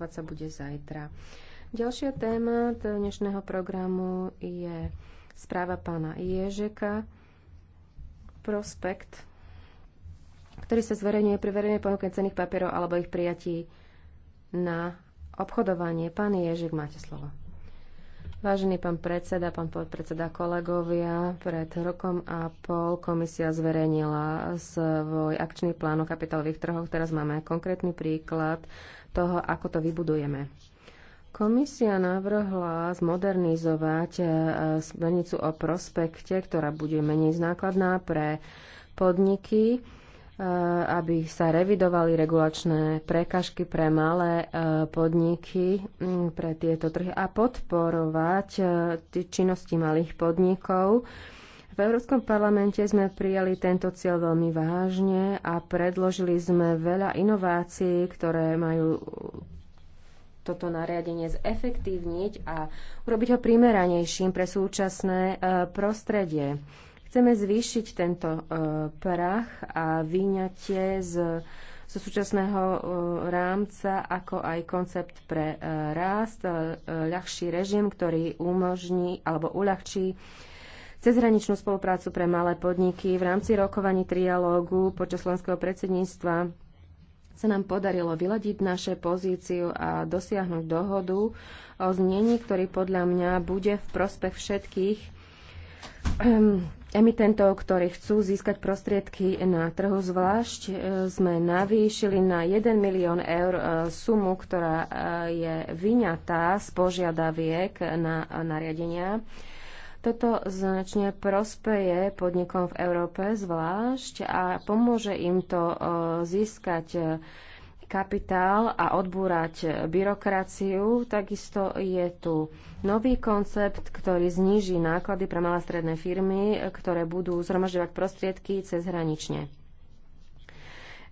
Hlasovať sa bude zajtra. Ďalšia téma dnešného programu je správa pána Ježeka, prospekt, ktorý sa zverejňuje pri verejnej ponuke cených papierov alebo ich prijatí na obchodovanie. Pán Ježek, máte slovo. Vážený pán predseda, pán podpredseda, kolegovia, pred rokom a pol komisia zverejnila svoj akčný plán o kapitálových trhoch. Teraz máme konkrétny príklad toho, ako to vybudujeme. Komisia navrhla zmodernizovať e, smernicu o prospekte, ktorá bude menej znákladná pre podniky, e, aby sa revidovali regulačné prekažky pre malé e, podniky, pre tieto trhy a podporovať činnosti malých podnikov v Európskom parlamente sme prijali tento cieľ veľmi vážne a predložili sme veľa inovácií, ktoré majú toto nariadenie zefektívniť a urobiť ho primeranejším pre súčasné e, prostredie. Chceme zvýšiť tento e, prach a výňatie z zo súčasného e, rámca, ako aj koncept pre rást, ľahší režim, ktorý umožní alebo uľahčí cezhraničnú spoluprácu pre malé podniky. V rámci rokovaní trialógu počas slovenského predsedníctva sa nám podarilo vyladiť naše pozíciu a dosiahnuť dohodu o znení, ktorý podľa mňa bude v prospech všetkých ehm, emitentov, ktorí chcú získať prostriedky na trhu. Zvlášť e, sme navýšili na 1 milión eur e, sumu, ktorá e, je vyňatá z požiadaviek na nariadenia. Toto značne prospeje podnikom v Európe zvlášť a pomôže im to e, získať e, kapitál a odbúrať byrokraciu. Takisto je tu nový koncept, ktorý zníži náklady pre malé stredné firmy, ktoré budú zhromažďovať prostriedky cez hranične.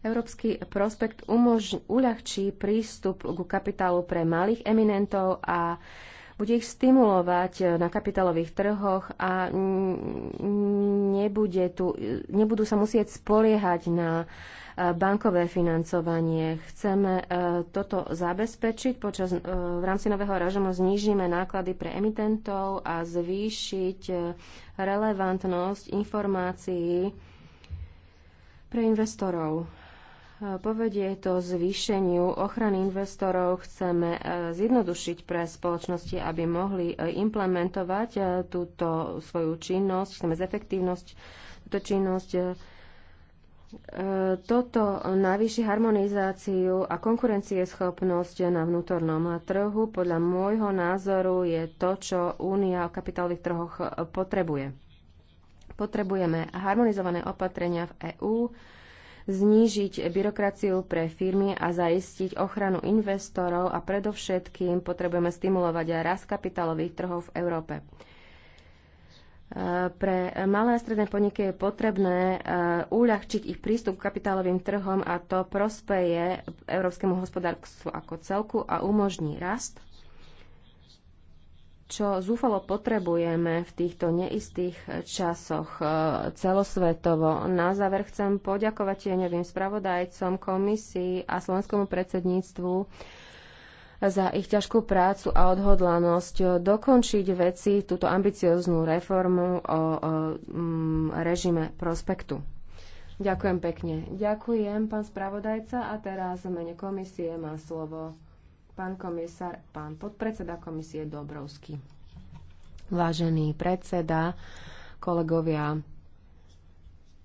Európsky prospekt umož- uľahčí prístup ku kapitálu pre malých eminentov a bude ich stimulovať e, na kapitálových trhoch a nebude tu, nebudú sa musieť spoliehať na e, bankové financovanie. Chceme e, toto zabezpečiť. Počas, v rámci nového režimu znížime náklady pre emitentov a zvýšiť relevantnosť informácií pre investorov. Povedie to zvýšeniu ochrany investorov. Chceme e, zjednodušiť pre spoločnosti, aby mohli e, implementovať e, túto svoju činnosť. Chceme zefektívnosť túto činnosť. Toto navýši harmonizáciu a konkurencieschopnosť na vnútornom trhu. Podľa môjho názoru je to, čo Únia o kapitálových trhoch potrebuje. Potrebujeme harmonizované opatrenia v EÚ, znížiť byrokraciu pre firmy a zaistiť ochranu investorov a predovšetkým potrebujeme stimulovať aj rast kapitálových trhov v Európe. E, pre malé a stredné podniky je potrebné e, uľahčiť ich prístup k kapitálovým trhom a to prospeje európskemu hospodárstvu ako celku a umožní rast čo zúfalo potrebujeme v týchto neistých časoch e, celosvetovo. Na záver chcem poďakovať tieňovým spravodajcom, komisii a slovenskému predsedníctvu za ich ťažkú prácu a odhodlanosť dokončiť veci túto ambicioznú reformu o, o m, mm, režime prospektu. Ďakujem pekne. Ďakujem, pán spravodajca. A teraz v mene komisie má slovo pán komisár, pán podpredseda komisie Dobrovský. Vážený predseda, kolegovia,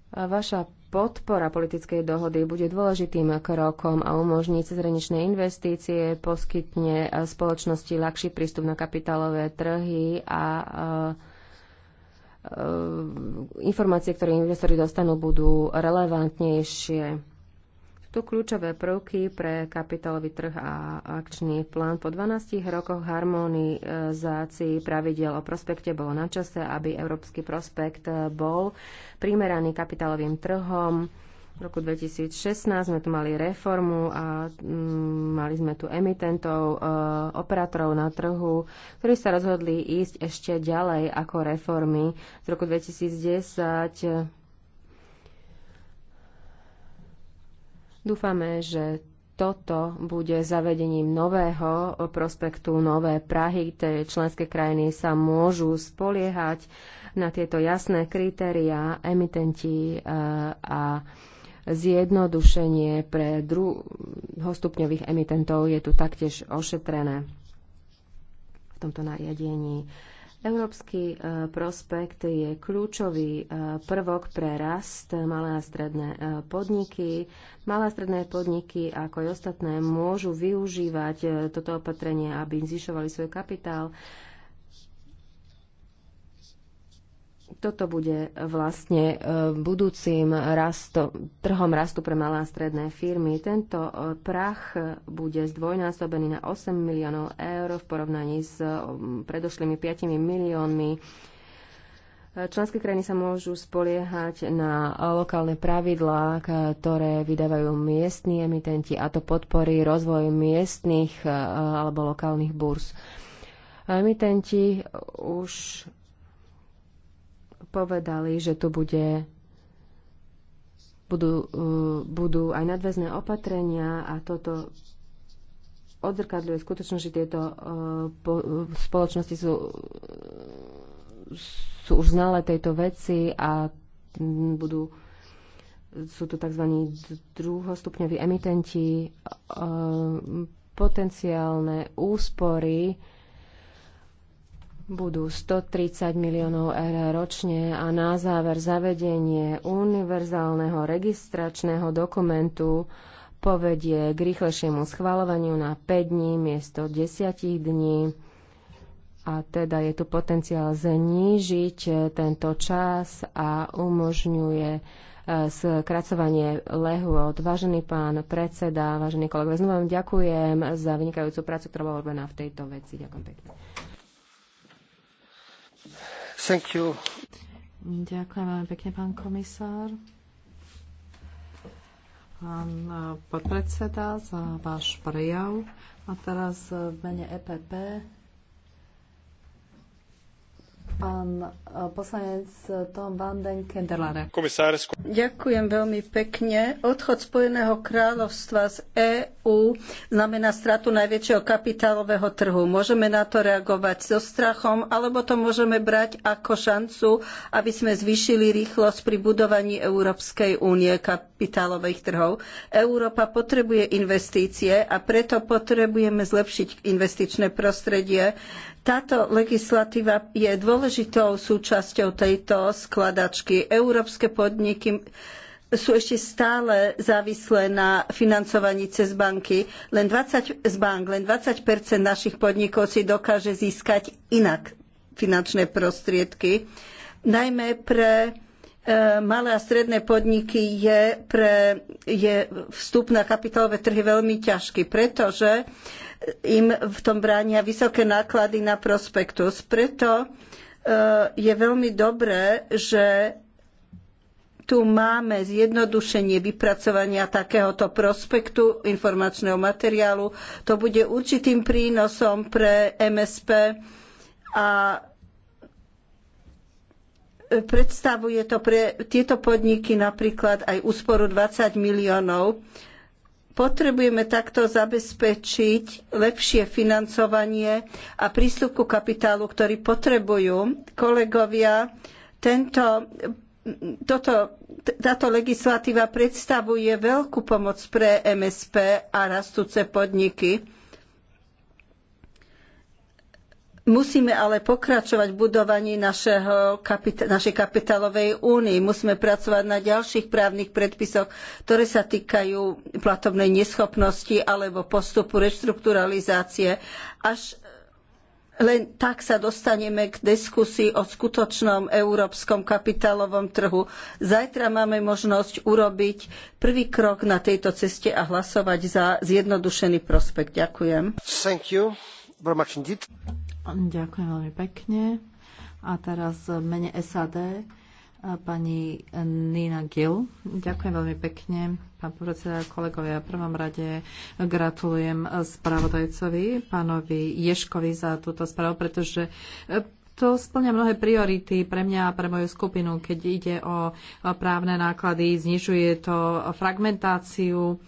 vaša podpora politickej dohody bude dôležitým krokom a umožní cezhraničné investície, poskytne spoločnosti ľahší prístup na kapitálové trhy a informácie, ktoré investori dostanú, budú relevantnejšie. Tu kľúčové prvky pre kapitálový trh a akčný plán po 12 rokoch harmonizácií pravidel o prospekte bolo na čase, aby Európsky prospekt bol primeraný kapitálovým trhom. V roku 2016 sme tu mali reformu a mm, mali sme tu emitentov, e, operátorov na trhu, ktorí sa rozhodli ísť ešte ďalej ako reformy. Z roku 2010 Dúfame, že toto bude zavedením nového prospektu Nové Prahy, tie členské krajiny sa môžu spoliehať na tieto jasné kritériá emitenti e, a zjednodušenie pre druhostupňových emitentov je tu taktiež ošetrené v tomto nariadení. Európsky e, prospekt je kľúčový e, prvok pre rast e, malé a stredné podniky. Malé a stredné podniky, ako aj ostatné, môžu využívať toto opatrenie, aby zvyšovali svoj kapitál Toto bude e, vlastne e, budúcim rasto, trhom rastu pre malé a stredné firmy. Tento e, prach bude zdvojnásobený na 8 miliónov eur v porovnaní s predošlými 5 miliónmi. Členské krajiny sa môžu spoliehať na lokálne pravidlá, ktoré vydávajú miestni emitenti a to podporí rozvoj miestnych alebo lokálnych burs. Emitenti už povedali, že tu bude, budú, eh, budú aj nadväzné opatrenia a toto odzrkadľuje skutočnosť, že tieto eh, spoločnosti sú, sú už znalé tejto veci a mm, budú sú tu tzv. druhostupňoví emitenti, eh, potenciálne úspory budú 130 miliónov eur ročne a na záver zavedenie univerzálneho registračného dokumentu povedie k rýchlejšiemu schvalovaniu na 5 dní miesto 10 dní a teda je tu potenciál znížiť tento čas a umožňuje e, skracovanie lehôd. Vážený pán predseda, vážený kolegovia, znovu vám ďakujem za vynikajúcu prácu, ktorá bola urobená v tejto veci. Ďakujem pekne. Thank you. Ďakujem veľmi pekne, pán komisár. Pán e, podpredseda za váš prejav. A teraz v mene EPP pán e, poslanec e, Tom van den Kenderlare. Ďakujem veľmi pekne. Odchod Spojeného kráľovstva z EÚ znamená stratu najväčšieho kapitálového trhu. Môžeme na to reagovať so strachom, alebo to môžeme brať ako šancu, aby sme zvýšili rýchlosť pri budovaní Európskej únie kapitálových trhov. Európa potrebuje investície a preto potrebujeme zlepšiť investičné prostredie táto legislatíva je dôležitou súčasťou tejto skladačky. Európske podniky sú ešte stále závislé na financovaní cez banky. Len 20, z bank, len 20 našich podnikov si dokáže získať inak finančné prostriedky. Najmä pre e, malé a stredné podniky je, pre, je vstup na kapitálové trhy veľmi ťažký, pretože im v tom bránia vysoké náklady na prospektus. Preto e, je veľmi dobré, že tu máme zjednodušenie vypracovania takéhoto prospektu informačného materiálu. To bude určitým prínosom pre MSP a predstavuje to pre tieto podniky napríklad aj úsporu 20 miliónov Potrebujeme takto zabezpečiť lepšie financovanie a prístup ku kapitálu, ktorý potrebujú kolegovia. Tento, toto, táto legislatíva predstavuje veľkú pomoc pre MSP a rastúce podniky Musíme ale pokračovať v budovaní našeho, našej kapitálovej únii. Musíme pracovať na ďalších právnych predpisoch, ktoré sa týkajú platobnej neschopnosti alebo postupu reštrukturalizácie. Až len tak sa dostaneme k diskusii o skutočnom európskom kapitálovom trhu. Zajtra máme možnosť urobiť prvý krok na tejto ceste a hlasovať za zjednodušený prospekt. Ďakujem. Ďakujem veľmi pekne. A teraz v mene SAD eh, pani Nina Gill. Ďakujem veľmi pekne, pán predseda, kolegovia. V prvom rade gratulujem spravodajcovi, pánovi Ješkovi za túto správu, pretože eh, to splňa mnohé priority pre mňa a pre moju skupinu, keď ide o právne náklady, znižuje to fragmentáciu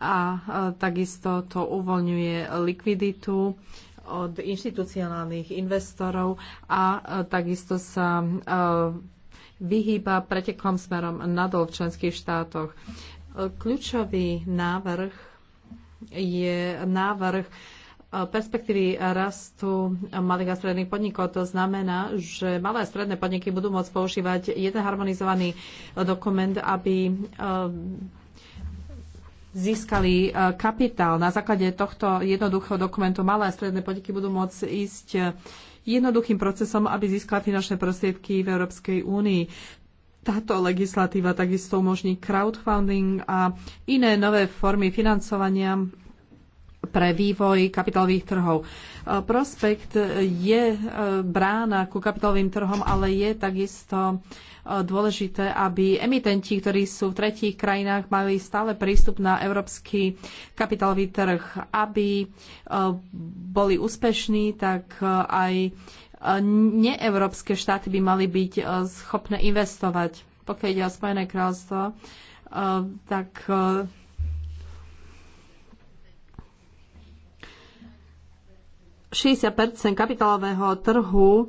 a takisto to uvoľňuje likviditu od inštitucionálnych investorov a e, takisto sa e, vyhýba pretekom smerom nadol v členských štátoch. E, kľúčový návrh je návrh perspektívy rastu malých a stredných podnikov. To znamená, že malé a stredné podniky budú môcť používať jeden harmonizovaný dokument, aby získali e, kapitál. Na základe tohto jednoduchého dokumentu malé a stredné podniky budú môcť ísť e, jednoduchým procesom, aby získali finančné prostriedky v Európskej únii. Táto legislatíva takisto umožní crowdfunding a iné nové formy financovania pre vývoj kapitálových trhov. E, prospekt je e, brána ku kapitálovým trhom, ale je takisto e, dôležité, aby emitenti, ktorí sú v tretích krajinách, mali stále prístup na európsky kapitálový trh. Aby boli úspešní, tak aj neeurópske štáty by mali byť schopné investovať. Pokiaľ ide o Spojené kráľstvo, tak 60 kapitálového trhu e,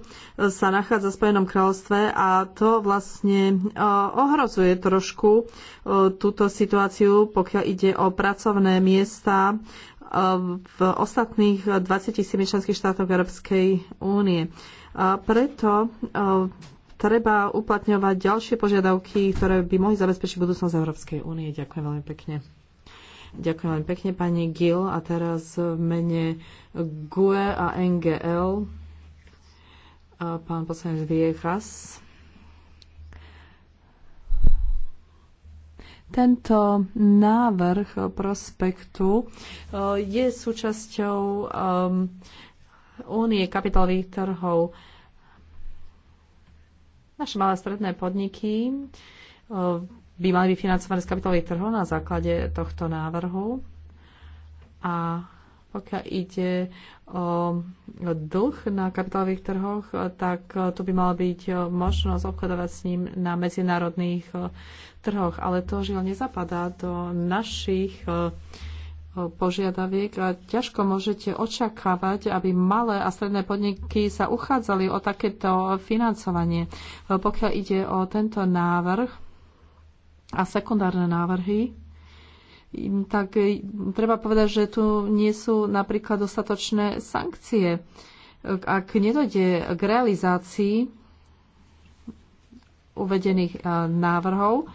sa nachádza v Spojenom kráľovstve a to vlastne e, ohrozuje trošku e, túto situáciu, pokiaľ ide o pracovné miesta v ostatných 27 členských štátoch Európskej únie. A preto treba uplatňovať ďalšie požiadavky, ktoré by mohli zabezpečiť budúcnosť Európskej únie. Ďakujem veľmi pekne. Ďakujem veľmi pekne pani Gil a teraz v mene GUE a NGL a pán poslanec Viechas. Tento návrh prospektu e, je súčasťou e, únie kapitálových trhov. Naše malé stredné podniky e, by mali byť financované z kapitálových trhov na základe tohto návrhu. A pokiaľ ide o dlh na kapitálových trhoch, tak tu by mala byť možnosť obchodovať s ním na medzinárodných trhoch. Ale to žiaľ nezapadá do našich e, požiadaviek ťažko môžete očakávať, aby malé a stredné podniky sa uchádzali o takéto financovanie. E, pokiaľ ide o tento návrh, a sekundárne návrhy, tak e, treba povedať, že tu nie sú napríklad dostatočné sankcie. Ak nedojde k realizácii uvedených e, návrhov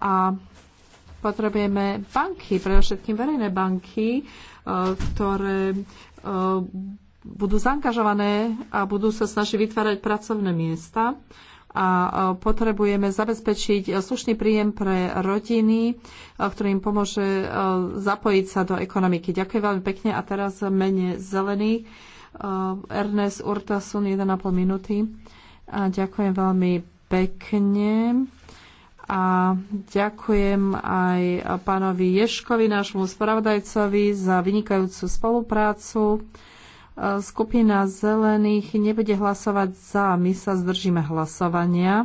a potrebujeme banky, predovšetkým verejné banky, e, ktoré budú zaangažované a budú sa snažiť vytvárať pracovné miesta a potrebujeme zabezpečiť slušný príjem pre rodiny, ktorým pomôže zapojiť sa do ekonomiky. Ďakujem veľmi pekne a teraz mene zelený, Ernest Urtasun 1,5 minúty. A ďakujem veľmi pekne a ďakujem aj pánovi Ješkovi, nášmu spravodajcovi, za vynikajúcu spoluprácu skupina zelených nebude hlasovať za. My sa zdržíme hlasovania. E,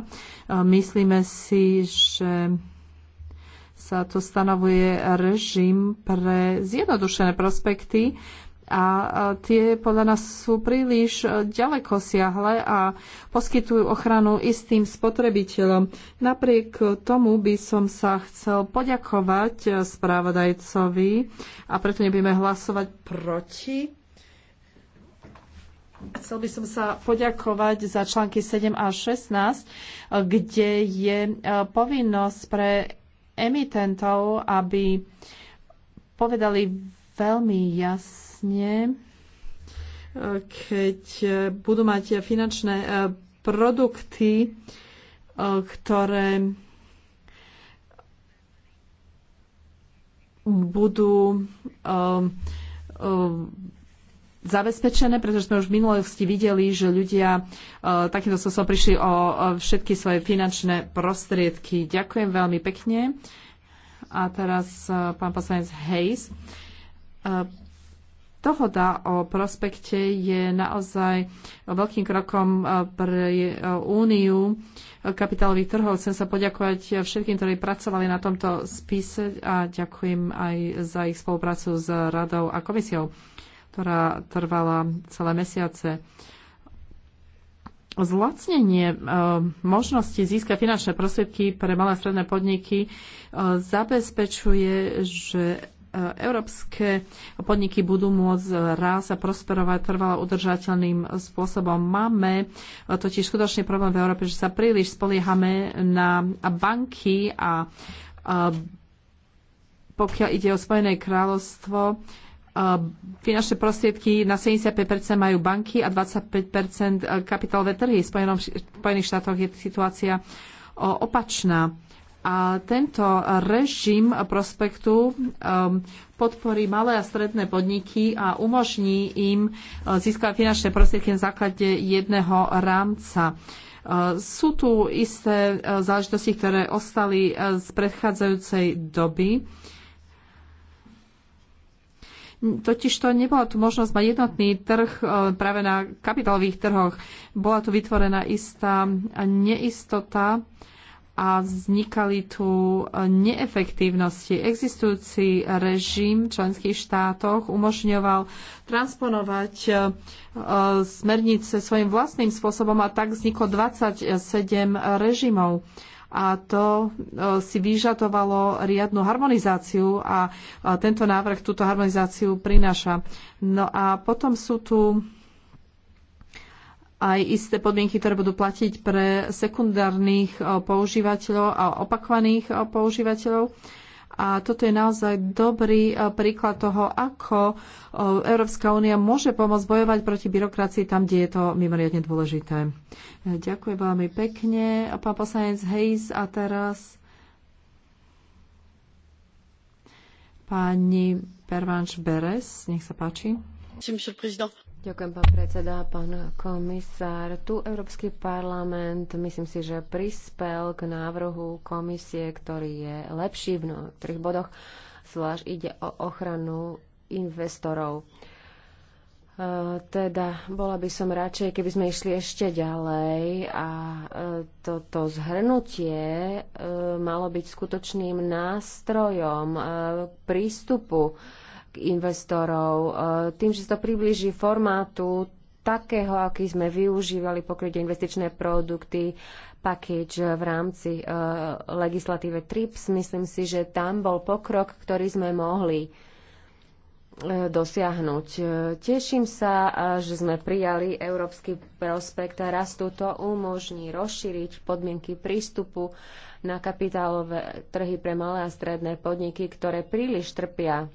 myslíme si, že sa to stanovuje režim pre zjednodušené prospekty a e, tie podľa nás sú príliš e, ďaleko siahle a poskytujú ochranu istým spotrebiteľom. Napriek tomu by som sa chcel poďakovať správodajcovi a preto nebudeme hlasovať proti Chcel by som sa poďakovať za články 7 a 16, kde je e, povinnosť pre emitentov, aby povedali veľmi jasne, e, keď e, budú mať finančné produkty, ktoré budú zabezpečené, pretože sme už v minulosti videli, že ľudia e, takýmto spôsobom prišli o všetky svoje finančné prostriedky. Ďakujem veľmi pekne. A teraz e, pán poslanec Hayes. E, dohoda o prospekte je naozaj veľkým krokom pre úniu kapitálových trhov. Chcem sa poďakovať všetkým, ktorí pracovali na tomto spise a ďakujem aj za ich spoluprácu s radou a komisiou ktorá trvala celé mesiace. Zlacnenie e, možnosti získať finančné prostriedky pre malé a stredné podniky e, zabezpečuje, že e, európske podniky budú môcť raz a prosperovať trvalo udržateľným spôsobom. Máme totiž skutočný problém v Európe, že sa príliš spoliehame na banky a pokiaľ ide o Spojené kráľovstvo, finančné prostriedky na 75% majú banky a 25% kapitálové trhy. V Spojených štátoch je situácia opačná. A tento režim prospektu um, podporí malé a stredné podniky a umožní im uh, získať finančné prostriedky na základe jedného rámca. Uh, sú tu isté uh, záležitosti, ktoré ostali z predchádzajúcej doby Totiž to nebola tu možnosť mať jednotný trh e, práve na kapitálových trhoch. Bola tu vytvorená istá neistota a vznikali tu e, neefektívnosti. Existujúci režim v členských štátoch umožňoval transponovať e, smernice svojim vlastným spôsobom a tak vzniklo 27 režimov a to e, si vyžadovalo riadnu harmonizáciu a e, tento návrh túto harmonizáciu prináša. No a potom sú tu aj isté podmienky, ktoré budú platiť pre sekundárnych e, používateľov a opakovaných používateľov. A toto je naozaj dobrý e, príklad toho, ako e, Európska únia môže pomôcť bojovať proti byrokracii tam, kde je to mimoriadne dôležité. E, ďakujem veľmi pekne. Pán poslanec Hayes a teraz pani Pervanš Beres, nech sa páči. Ďakujem, pán predseda, pán komisár. Tu Európsky parlament, myslím si, že prispel k návrhu komisie, ktorý je lepší v niektorých bodoch, zvlášť ide o ochranu investorov. E, teda bola by som radšej, keby sme išli ešte ďalej a e, toto zhrnutie e, malo byť skutočným nástrojom prístupu investorov. E, tým, že sa to približí formátu takého, aký sme využívali pokryť investičné produkty, package v rámci e, legislatíve TRIPS, myslím si, že tam bol pokrok, ktorý sme mohli e, dosiahnuť. Teším sa, že sme prijali Európsky prospekt a rastu. To umožní rozšíriť podmienky prístupu na kapitálové trhy pre malé a stredné podniky, ktoré príliš trpia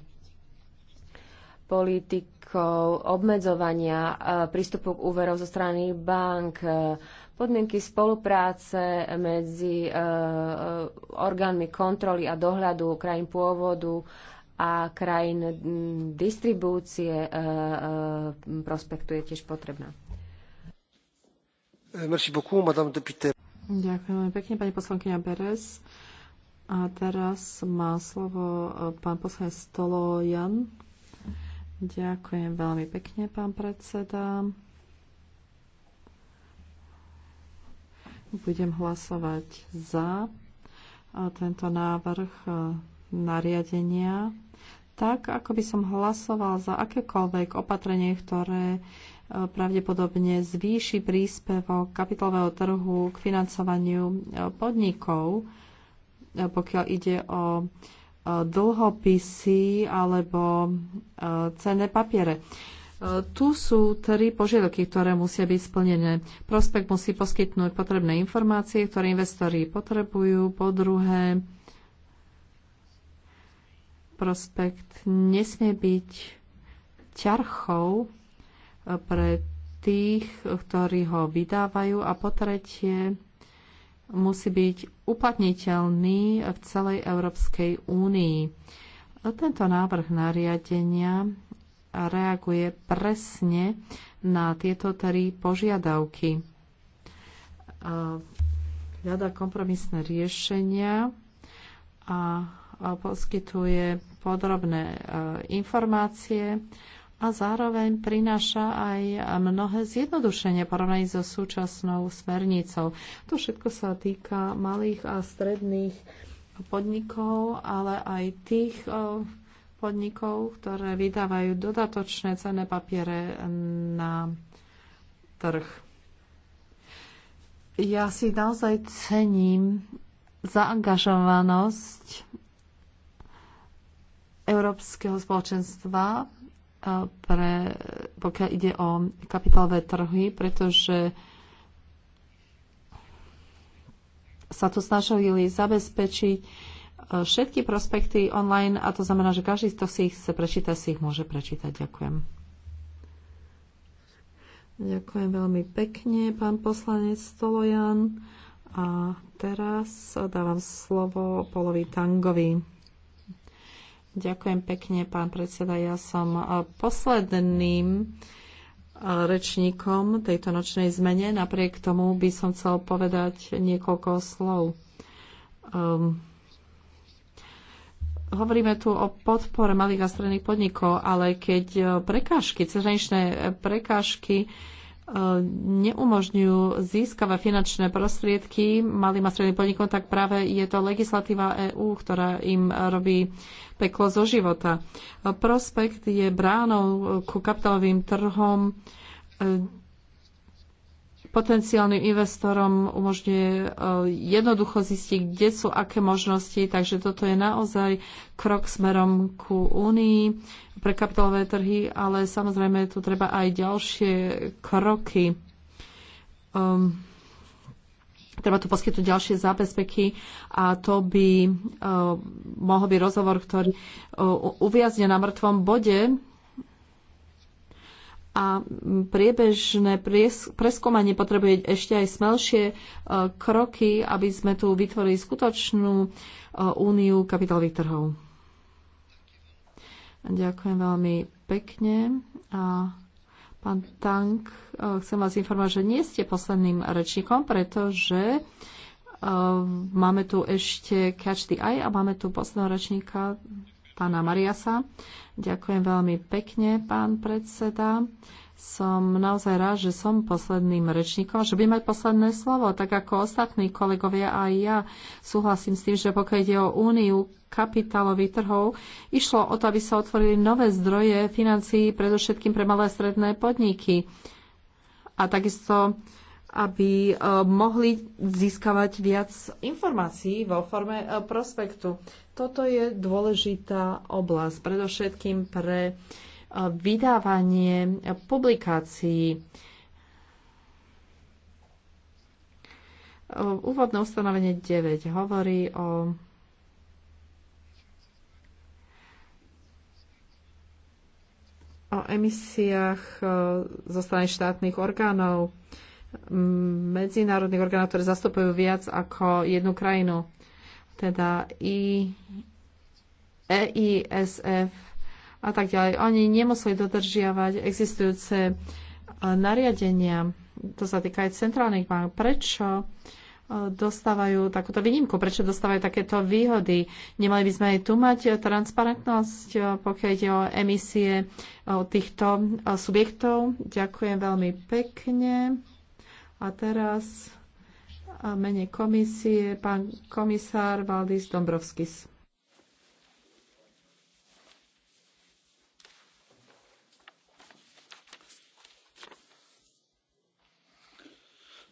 politikou obmedzovania e, prístupu k úverov zo strany bank, e, podmienky spolupráce medzi e, orgánmi kontroly a dohľadu krajín pôvodu a krajín distribúcie prospektu je tiež potrebná. Merci beaucoup, madame de Ďakujem pekne, pani poslankyňa Beres. A teraz má slovo pán poslanec Stolojan. Ďakujem veľmi pekne, pán predseda. Budem hlasovať za tento návrh e, nariadenia, tak ako by som hlasoval za akékoľvek opatrenie, ktoré e, pravdepodobne zvýši príspevok kapitálového trhu k financovaniu e, podnikov, pokiaľ ide o dlhopisy alebo e, cenné papiere. E, tu sú tri požiadavky, ktoré musia byť splnené. Prospekt musí poskytnúť potrebné informácie, ktoré investori potrebujú. Po druhé, prospekt nesmie byť ťarchou e, pre tých, ktorí ho vydávajú. A po tretie, musí byť uplatniteľný v celej Európskej únii. Tento návrh nariadenia reaguje presne na tieto tri požiadavky. Hľada kompromisné riešenia a poskytuje podrobné e, informácie a zároveň prináša aj mnohé zjednodušenie porovnaní so súčasnou smernicou. To všetko sa týka malých a stredných podnikov, ale aj tých eh, podnikov, ktoré vydávajú dodatočné cenné papiere na trh. Ja si naozaj cením zaangažovanosť Európskeho spoločenstva pre, pokiaľ ide o kapitálové trhy, pretože sa tu snažili zabezpečiť e, všetky prospekty online a to znamená, že každý, kto si ich chce prečítať, si ich môže prečítať. Ďakujem. Ďakujem veľmi pekne, pán poslanec Stolojan. A teraz dávam slovo Polovi Tangovi. Ďakujem pekne, pán predseda. Ja som e, posledným e, rečníkom tejto nočnej zmene. Napriek tomu by som chcel povedať niekoľko slov. Um, hovoríme tu o podpore malých a stredných podnikov, ale keď e, prekážky, cezhraničné prekážky neumožňujú získavať finančné prostriedky malým a stredným podnikom, tak práve je to legislatíva EÚ, ktorá im robí peklo zo života. Prospekt je bránou ku kapitálovým trhom potenciálnym investorom umožňuje e, jednoducho zistiť, kde sú aké možnosti. Takže toto je naozaj krok smerom ku Únii pre kapitalové trhy, ale samozrejme tu treba aj ďalšie kroky. Um, treba tu poskytnúť ďalšie zábezpeky a to by uh, mohol byť rozhovor, ktorý uh, uviazne na mŕtvom bode a priebežné preskomanie potrebuje ešte aj smelšie e, kroky, aby sme tu vytvorili skutočnú e, úniu kapitálových trhov. Ďakujem veľmi pekne. A pán Tank, e, chcem vás informovať, že nie ste posledným rečníkom, pretože máme tu ešte Catch the Eye a máme tu posledného rečníka, pána Mariasa. Ďakujem veľmi pekne, pán predseda. Som naozaj rád, že som posledným rečníkom, že budem mať posledné slovo, tak ako ostatní kolegovia aj ja. Súhlasím s tým, že pokiaľ ide o úniu kapitálových trhov, išlo o to, aby sa otvorili nové zdroje financií, predovšetkým pre malé a stredné podniky. A takisto aby e, mohli získavať viac informácií vo forme e, prospektu. Toto je dôležitá oblasť, predovšetkým pre e, vydávanie publikácií. Úvodné ustanovenie 9 hovorí o o emisiách zo strany štátnych orgánov medzinárodných orgánov, ktoré zastupujú viac ako jednu krajinu. Teda I, EISF a tak ďalej. Oni nemuseli dodržiavať existujúce e, nariadenia. To sa týka aj centrálnych bank. Prečo e, dostávajú takúto výnimku? Prečo dostávajú takéto výhody? Nemali by sme aj tu mať transparentnosť, e, pokiaľ ide o emisie týchto subjektov? Ďakujem veľmi pekne. A teraz a mene komisie pán komisár Valdis Dombrovskis.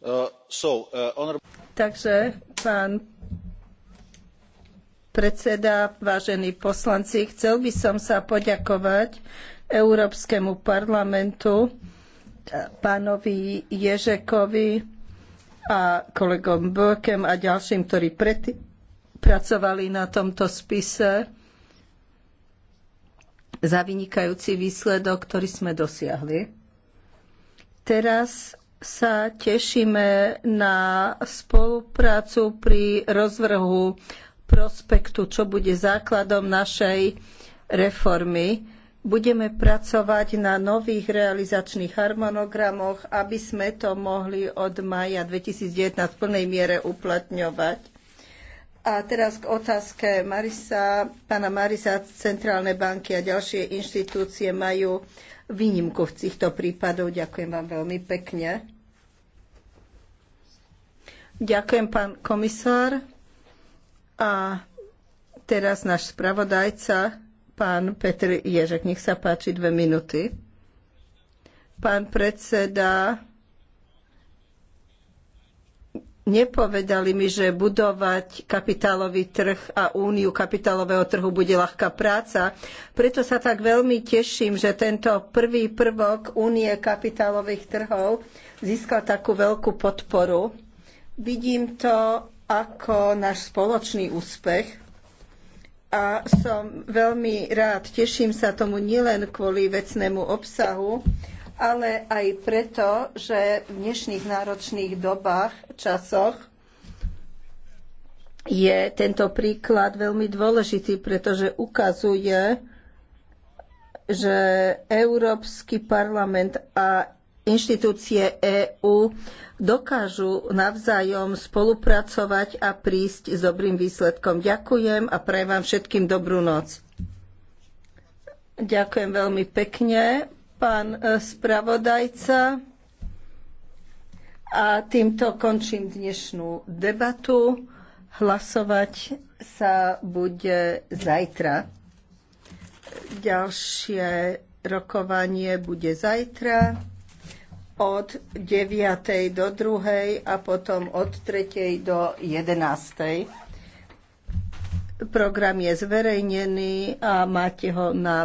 Uh, so, uh, honor... Takže, pán predseda, vážení poslanci, chcel by som sa poďakovať Európskemu parlamentu pánovi Ježekovi a kolegom Bökem a ďalším, ktorí predtým pracovali na tomto spise za vynikajúci výsledok, ktorý sme dosiahli. Teraz sa tešíme na spoluprácu pri rozvrhu prospektu, čo bude základom našej reformy. Budeme pracovať na nových realizačných harmonogramoch, aby sme to mohli od maja 2019 v plnej miere uplatňovať. A teraz k otázke Marisa, pána Marisa, centrálne banky a ďalšie inštitúcie majú výnimku v týchto prípadoch. Ďakujem vám veľmi pekne. Ďakujem, pán komisár. A teraz náš spravodajca Pán Petr Ježek, nech sa páči dve minuty. Pán predseda, nepovedali mi, že budovať kapitálový trh a úniu kapitálového trhu bude ľahká práca. Preto sa tak veľmi teším, že tento prvý prvok únie kapitálových trhov získal takú veľkú podporu. Vidím to ako náš spoločný úspech a som veľmi rád, teším sa tomu nielen kvôli vecnému obsahu, ale aj preto, že v dnešných náročných dobách, časoch je tento príklad veľmi dôležitý, pretože ukazuje, že Európsky parlament a inštitúcie EÚ dokážu navzájom spolupracovať a prísť s dobrým výsledkom. Ďakujem a prajem vám všetkým dobrú noc. Ďakujem veľmi pekne, pán e, spravodajca. A týmto končím dnešnú debatu. Hlasovať sa bude zajtra. Ďalšie rokovanie bude zajtra od 9. do 2. a potom od 3. do 11. Program je zverejnený a máte ho na